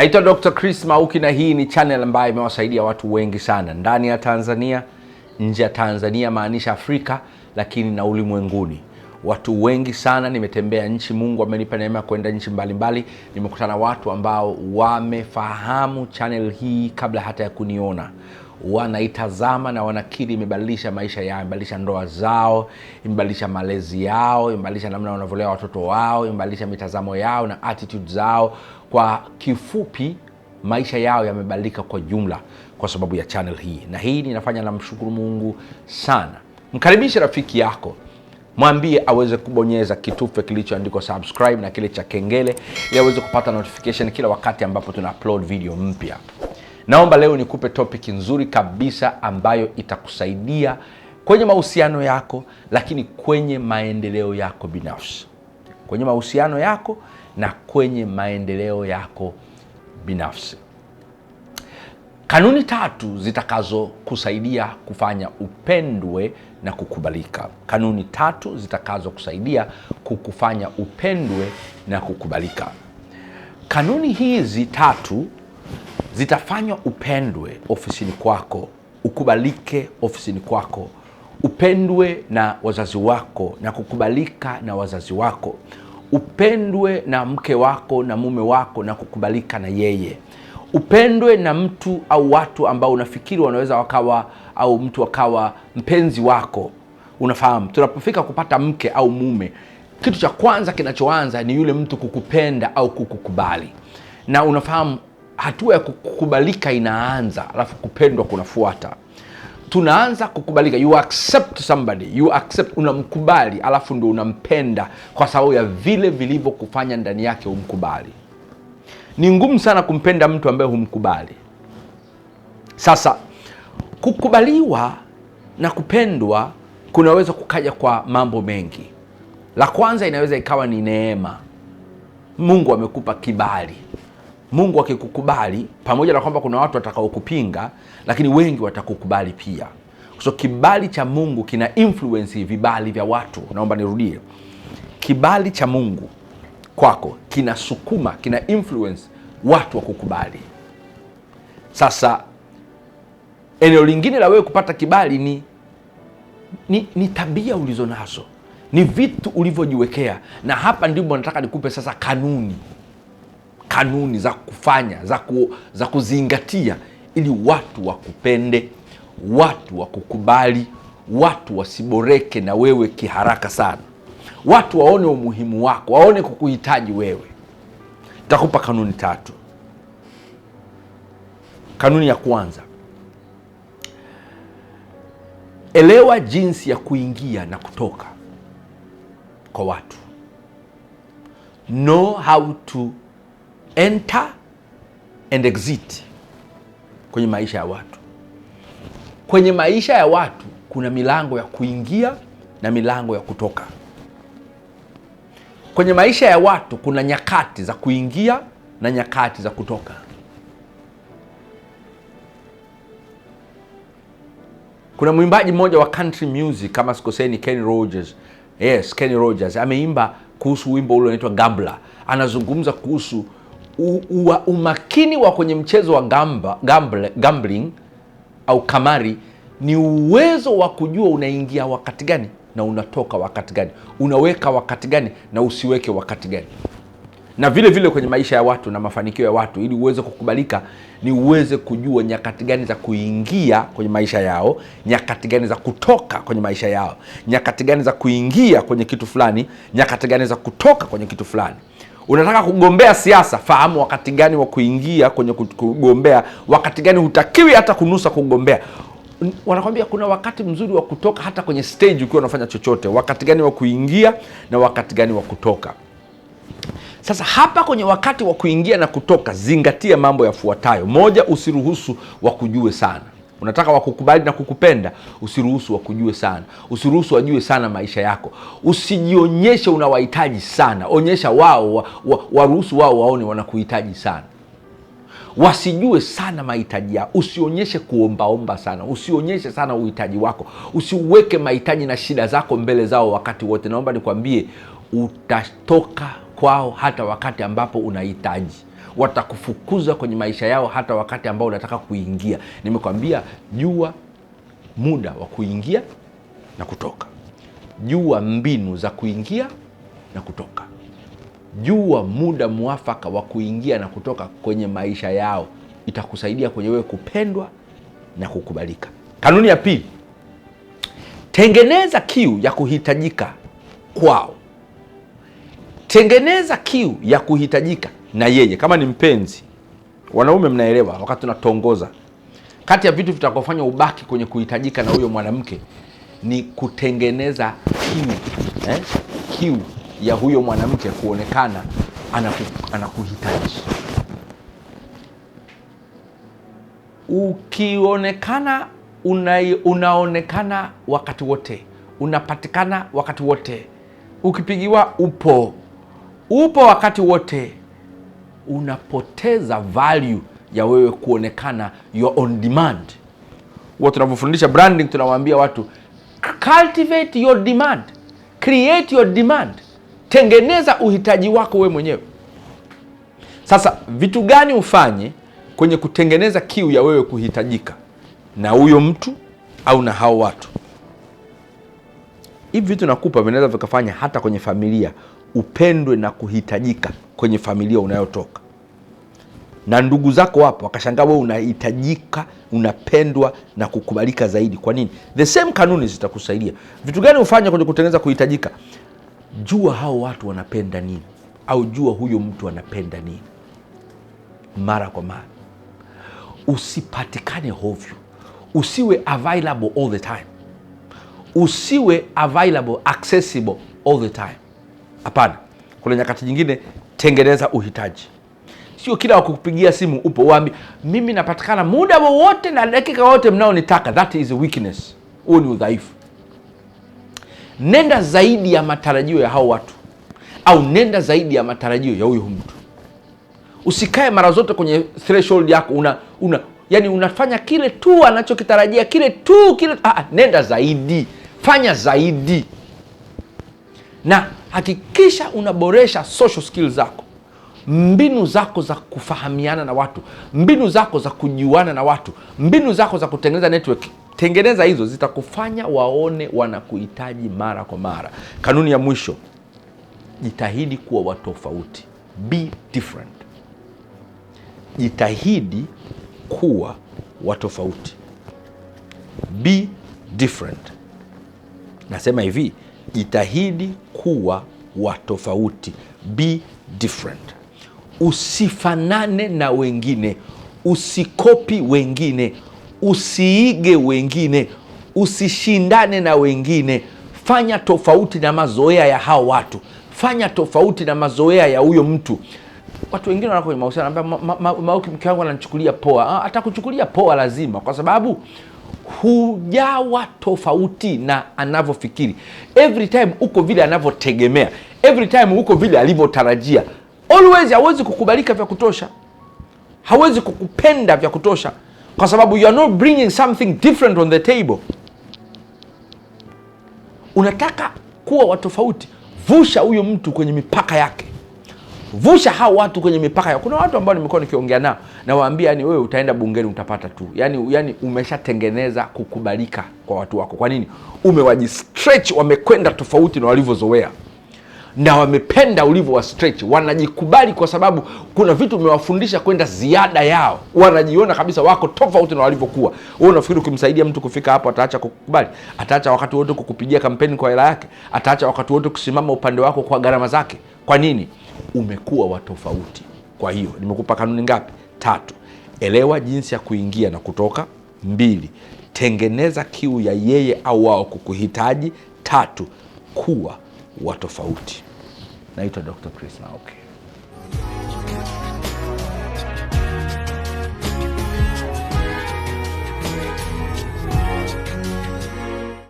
Naitwa Dr. Chris Mauki na hii ni channel ambayo imewasaidia watu wengi sana ndani ya Tanzania, nje ya Tanzania maanisha Afrika, lakini na ulimwenguni. Watu wengi sana nimetembea nchi, Mungu amenipa neema ya kwenda nchi mbalimbali. Nimekutana watu ambao wamefahamu channel hii kabla hata ya kuniona wanaitazama na wanakiri imebadilisha maisha yao, imebadilisha ndoa zao, imebadilisha malezi yao, imebadilisha namna wanavyolea watoto wao, imebadilisha mitazamo yao na attitude zao. Kwa kifupi, maisha yao yamebadilika kwa jumla kwa sababu ya channel hii, na hii ninafanya mshukuru Mungu sana. Mkaribishe rafiki yako mwambie aweze kubonyeza kitufe kilichoandikwa subscribe na kile cha kengele, ili aweze kupata notification kila wakati ambapo tuna upload video mpya. Naomba leo nikupe topic nzuri kabisa ambayo itakusaidia kwenye mahusiano yako, lakini kwenye maendeleo yako binafsi, kwenye mahusiano yako na kwenye maendeleo yako binafsi. Kanuni tatu zitakazokusaidia kufanya upendwe na kukubalika. Kanuni tatu zitakazokusaidia kukufanya upendwe na kukubalika. Kanuni hizi tatu zitafanywa upendwe ofisini kwako, ukubalike ofisini kwako, upendwe na wazazi wako na kukubalika na wazazi wako, upendwe na mke wako na mume wako na kukubalika na yeye, upendwe na mtu au watu ambao unafikiri wanaweza wakawa au mtu akawa mpenzi wako. Unafahamu, tunapofika kupata mke au mume, kitu cha kwanza kinachoanza ni yule mtu kukupenda au kukukubali, na unafahamu hatua ya kukubalika inaanza, alafu kupendwa kunafuata. Tunaanza kukubalika, you accept somebody, you accept, unamkubali alafu ndo unampenda kwa sababu ya vile vilivyokufanya ndani yake umkubali. Ni ngumu sana kumpenda mtu ambaye humkubali. Sasa kukubaliwa na kupendwa kunaweza kukaja kwa mambo mengi. La kwanza inaweza ikawa ni neema, Mungu amekupa kibali. Mungu akikukubali, pamoja na kwamba kuna watu watakaokupinga, lakini wengi watakukubali pia. So kibali cha Mungu kina influence vibali vya watu. Naomba nirudie, kibali cha Mungu kwako kinasukuma, kina influence watu wa kukubali. Sasa eneo lingine la wewe kupata kibali ni, ni, ni tabia ulizonazo, ni vitu ulivyojiwekea, na hapa ndipo nataka nikupe sasa kanuni kanuni za kufanya za, ku, za kuzingatia ili watu wakupende, watu wakukubali, watu wasiboreke na wewe kiharaka sana, watu waone umuhimu wako, waone kukuhitaji wewe. Nitakupa kanuni tatu. Kanuni ya kwanza, elewa jinsi ya kuingia na kutoka kwa watu. Know how to enter and exit kwenye maisha ya watu. Kwenye maisha ya watu kuna milango ya kuingia na milango ya kutoka. Kwenye maisha ya watu kuna nyakati za kuingia na nyakati za kutoka. Kuna mwimbaji mmoja wa country music kama sikoseni, ni Kenny Rogers. Yes, Kenny Rogers ameimba kuhusu wimbo ule unaitwa Gambler, anazungumza kuhusu u, umakini wa kwenye mchezo wa gamba, gamble, gambling au kamari ni uwezo wa kujua unaingia wakati gani na unatoka wakati gani, unaweka wakati gani na usiweke wakati gani. Na vile vile kwenye maisha ya watu na mafanikio ya watu, ili uweze kukubalika, ni uweze kujua nyakati gani za kuingia kwenye maisha yao, nyakati gani za kutoka kwenye maisha yao, nyakati gani za kuingia kwenye kitu fulani, nyakati gani za kutoka kwenye kitu fulani unataka kugombea siasa, fahamu wakati gani wa kuingia kwenye kugombea, wakati gani hutakiwi hata kunusa kugombea. Wanakwambia kuna wakati mzuri wa kutoka hata kwenye stage ukiwa unafanya chochote, wakati gani wa kuingia na wakati gani wa kutoka. Sasa hapa kwenye wakati wa kuingia na kutoka, zingatia mambo yafuatayo. Moja, usiruhusu wakujue sana unataka wakukubali na kukupenda, usiruhusu wakujue sana, usiruhusu wajue sana maisha yako, usijionyeshe unawahitaji sana. Onyesha wao wa, wa, waruhusu wao waone wanakuhitaji sana wasijue sana mahitaji yao. Usionyeshe kuombaomba sana, usionyeshe sana uhitaji wako, usiweke mahitaji na shida zako mbele zao wakati wote. Naomba nikwambie, utatoka kwao hata wakati ambapo unahitaji watakufukuza kwenye maisha yao, hata wakati ambao unataka kuingia. Nimekwambia, jua muda wa kuingia na kutoka, jua mbinu za kuingia na kutoka, jua muda mwafaka wa kuingia na kutoka kwenye maisha yao. Itakusaidia kwenye wewe kupendwa na kukubalika. Kanuni ya pili, tengeneza kiu ya kuhitajika kwao. Tengeneza kiu ya kuhitajika na yeye kama ni mpenzi. Wanaume mnaelewa, wakati unatongoza, kati ya vitu vitakofanya ubaki kwenye kuhitajika na huyo mwanamke ni kutengeneza kiu eh, kiu ya huyo mwanamke kuonekana anaku, anakuhitaji. Ukionekana una, unaonekana wakati wote, unapatikana wakati wote, ukipigiwa upo upo wakati wote unapoteza value ya wewe kuonekana your on demand. Huwa tunavyofundisha branding, tunawaambia watu cultivate your demand, create your demand, tengeneza uhitaji wako wewe mwenyewe. Sasa vitu gani ufanye kwenye kutengeneza kiu ya wewe kuhitajika na huyo mtu au na hao watu? Hivi vitu nakupa vinaweza vikafanya hata kwenye familia upendwe na kuhitajika kwenye familia unayotoka, na ndugu zako wapo wakashangaa wewe unahitajika, unapendwa na kukubalika zaidi. Kwa nini? The same kanuni zitakusaidia. Vitu gani hufanya kwenye kutengeneza kuhitajika? Jua hao watu wanapenda nini, au jua huyo mtu anapenda nini mara kwa mara. Usipatikane hovyo, usiwe available all the time, usiwe available accessible all the time. Hapana, kuna nyakati nyingine tengeneza uhitaji. Sio kila wakupigia simu upo waambi, mimi napatikana muda wowote na dakika wote mnaonitaka. That is a weakness, huo ni udhaifu. Nenda zaidi ya matarajio ya hao watu, au nenda zaidi ya matarajio ya huyo mtu. Usikae mara zote kwenye threshold yako una, una yani unafanya kile tu anachokitarajia kile tu kile. Aa, ah, ah, nenda zaidi, fanya zaidi na hakikisha unaboresha social skills zako, mbinu zako za kufahamiana na watu, mbinu zako za kujuana na watu, mbinu zako za kutengeneza network. Tengeneza hizo, zitakufanya waone wanakuhitaji mara kwa mara. Kanuni ya mwisho, jitahidi kuwa watofauti, be different. Jitahidi kuwa watofauti, be different. Nasema hivi jitahidi kuwa wa tofauti, be different. Usifanane na wengine, usikopi wengine, usiige wengine, usishindane na wengine. Fanya tofauti na mazoea ya hao watu, fanya tofauti na mazoea ya huyo mtu. Watu wengine wanakuwa kwenye mahusiano, mke wangu ananichukulia poa. Atakuchukulia poa lazima, kwa sababu hujawa tofauti na anavyofikiri. Every time uko vile anavyotegemea, every time uko vile alivyotarajia. Always hawezi kukubalika vya kutosha, hawezi kukupenda vya kutosha, kwa sababu you are not bringing something different on the table. Unataka kuwa watofauti, vusha huyo mtu kwenye mipaka yake vusha hao watu kwenye mipaka ya. Kuna watu ambao nimekuwa nikiongea nao nawaambia, yani wewe utaenda bungeni utapata tu, yani, yani umeshatengeneza kukubalika kwa watu wako. Kwa nini? stretch wamekwenda tofauti na walivyozoea na wamependa ulivyo wa stretch, wanajikubali kwa sababu kuna vitu umewafundisha kwenda ziada yao, wanajiona kabisa wako tofauti na walivyokuwa. Wewe unafikiri ukimsaidia mtu kufika hapo ataacha kukubali? Ataacha wakati wote kukupigia kampeni kwa hela yake? Ataacha wakati wote kusimama upande wako kwa gharama zake? Kwa nini? Umekuwa wa tofauti. Kwa hiyo nimekupa kanuni ngapi? Tatu. Elewa jinsi ya kuingia na kutoka. Mbili. Tengeneza kiu ya yeye au wao kukuhitaji. Tatu. Kuwa wa tofauti. Naitwa Dr. Chris Mauki.